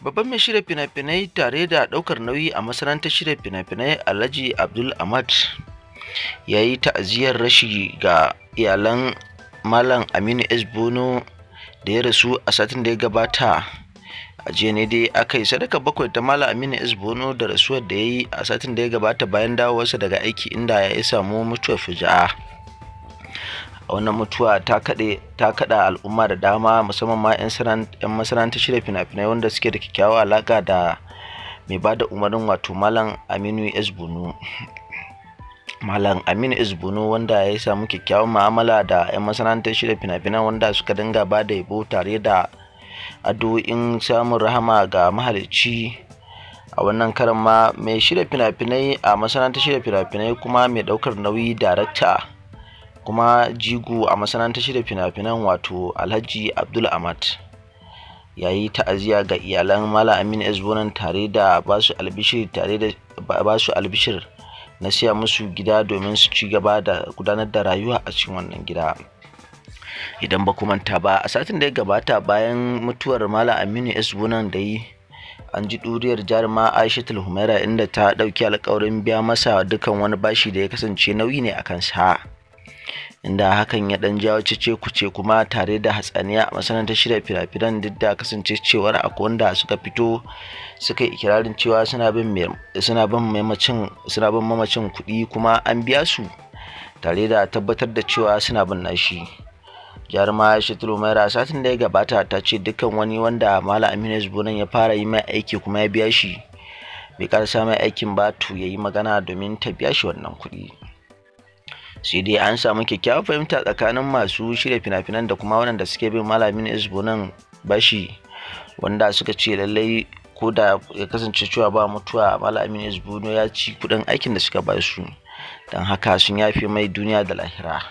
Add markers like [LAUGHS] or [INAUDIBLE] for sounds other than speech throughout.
Babban mai shirya fina-finai tare da ɗaukar nauyi a masarantar shirya fina-finai Alhaji Abdul Ahmad ya yi ta'aziyar rashi ga iyalan Malam Aminu S. Bono da ya rasu a satin da ya gabata. A jiya ne dai aka yi sadaka bakwai ta Malam Aminu S. da rasuwar da ya yi a satin da ya gabata bayan dawowarsa daga aiki inda ya samu mutuwar fuja'a. a wannan mutuwa ta kaɗe ta kaɗa al'umma da dama musamman ma 'yan masana'anta shirya fina-finai wanda suke da kyakkyawa alaƙa da mai ba da umarnin wato malam aminu s bunu [LAUGHS] malam aminu s wanda ya samu kyakkyawan ma'amala da 'yan masana'antar shirya fina finai wanda suka dinga ba da yabo tare da addu'o'in samun rahama ga mahalicci a wannan karan ma mai shirya fina-finai a masana'antar shirya fina-finai kuma mai ɗaukar nauyi darakta kuma jigo a masana'antar shirya fina-finan wato alhaji abdul amat ya yi ta'aziyya ga iyalan mala aminu ezbonan tare da basu albishir albishir na siya musu gida domin su ci gaba da gudanar da rayuwa a cikin wannan gida idan ba manta ba a satin da ya gabata bayan mutuwar mala aminu ezbonan da yi an ji ɗuriyar jaruma aisha humaira inda ta ɗauki alkawarin biya masa dukan wani bashi da ya kasance nauyi ne a kansa inda hakan ya dan jawo cece kuce kuma tare da hatsaniya a ta shirya firafiran duk da kasance cewar akwai wanda suka fito suka yi ikirarin cewa suna bin mamacin suna bin mamacin kuɗi kuma an biya su tare da tabbatar da cewa suna bin nashi jaruma shatilu satin da ya gabata ta ce dukkan wani wanda mala aminu zubunan ya fara yi mai aiki kuma ya biya shi bai karasa mai aikin batu to ya yi magana domin ta biya shi wannan kuɗi sai dai an samu kyakkyawar fahimta tsakanin masu shirya fina-finan da kuma wannan da suke bin malamin isbonin bashi wanda suka ce lallai ko da ya kasance cewa ba mutuwa malamin no ya ci kuɗin aikin da suka ba su don haka sun yafe mai duniya da lahira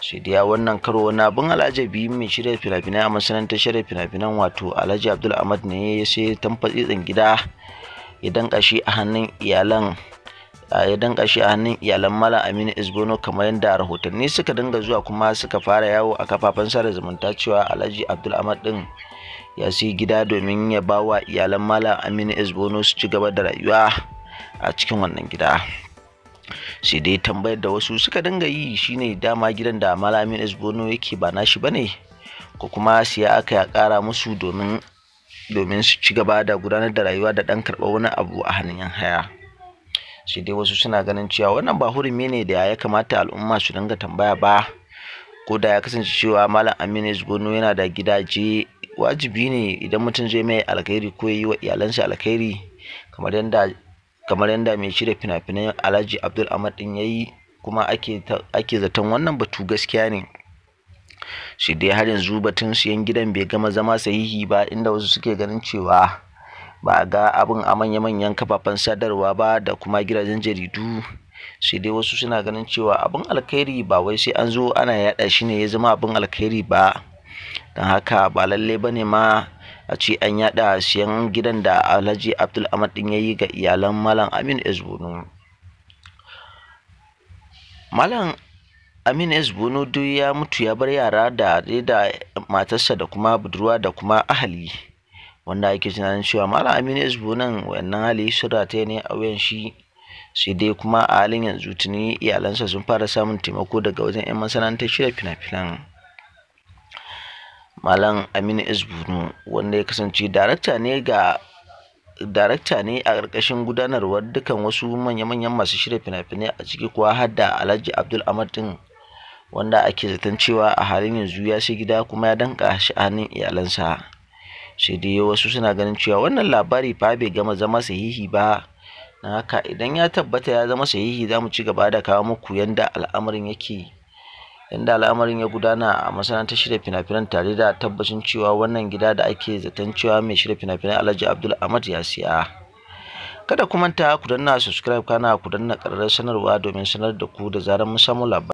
sai dai wannan karo wani abin alajabi mai shirya fina-finai a masanantar shirya fina-finan wato alhaji abdul ahmad ne ya sai tamfatsi gida ya danka shi a hannun iyalan ya danka shi a hannun iyalan malam aminu isbono kamar yadda rahotanni suka dinga zuwa kuma suka fara yawo a kafafen sada zumunta cewa alhaji abdulhamad din ya sayi gida domin ya ba wa iyalan malam aminu isbono su ci gaba da rayuwa a cikin wannan gida sai dai tambayar da wasu suka dinga yi shine dama gidan da malam aminu isbono yake ba nashi bane ko kuma ya aka ya kara musu domin su ci gaba da gudanar da rayuwa da dan karɓar wani abu a hannun haya sai dai wasu suna ganin cewa wannan ba hurumi ne da ya kamata al'umma su dinga tambaya ba ko da ya kasance cewa malam aminu gono yana da gidaje wajibi ne idan mutum zai mai alkhairi ko ya yi wa iyalansa alkhairi kamar yadda mai shirya fina-finan alhaji abdul ahmad din ya yi kuma ake zaton wannan batu gaskiya ne shi dai har yanzu batun siyan gidan bai gama zama sahihi ba inda wasu suke ganin cewa ba a ga abin a manya-manyan kafafen sadarwa ba da kuma gidajen jaridu sai dai wasu suna ganin cewa abin alkhairi ba wai sai an zo ana yaɗa shi ne ya zama abin alkhairi ba don haka ba lalle ba ne ma a ce an yaɗa siyan gidan da alhaji abdul ahmad ya yi ga iyalan malam amin ezbonu malam amin ezbonu duk ya mutu ya bar yara da da matarsa da kuma budurwa da kuma ahali wanda ake tunanin cewa Malam Aminu Esbo nan wannan hali sura ta ne a wuyan shi sai dai kuma a halin yanzu tuni iyalansa sun fara samun taimako daga wajen 'yan masana'antar shirya fina-finan. Malam Aminu Esbunu wanda ya kasance darakta ne ga darakta ne a ƙarƙashin gudanarwar dukkan wasu manya-manyan masu shirya fina-finai a ciki kuwa har da Alhaji Abdul Ahmad din wanda ake zaton cewa a halin yanzu ya sai gida kuma ya danka shi hannun iyalansa. sai dai wasu suna ganin cewa wannan labari fa bai gama zama sahihi ba na haka idan ya tabbata ya zama sahihi za mu ci gaba da kawo muku yanda al'amarin yake yanda al'amarin ya gudana a masana'antar shirya fina-finan tare da tabbacin cewa wannan gida da ake zaton cewa mai shirya fina-finan alhaji abdul ahmad ya siya kada ku manta ku danna subscribe kana ku danna ƙararrar sanarwa domin sanar da ku da zaran mun samu labari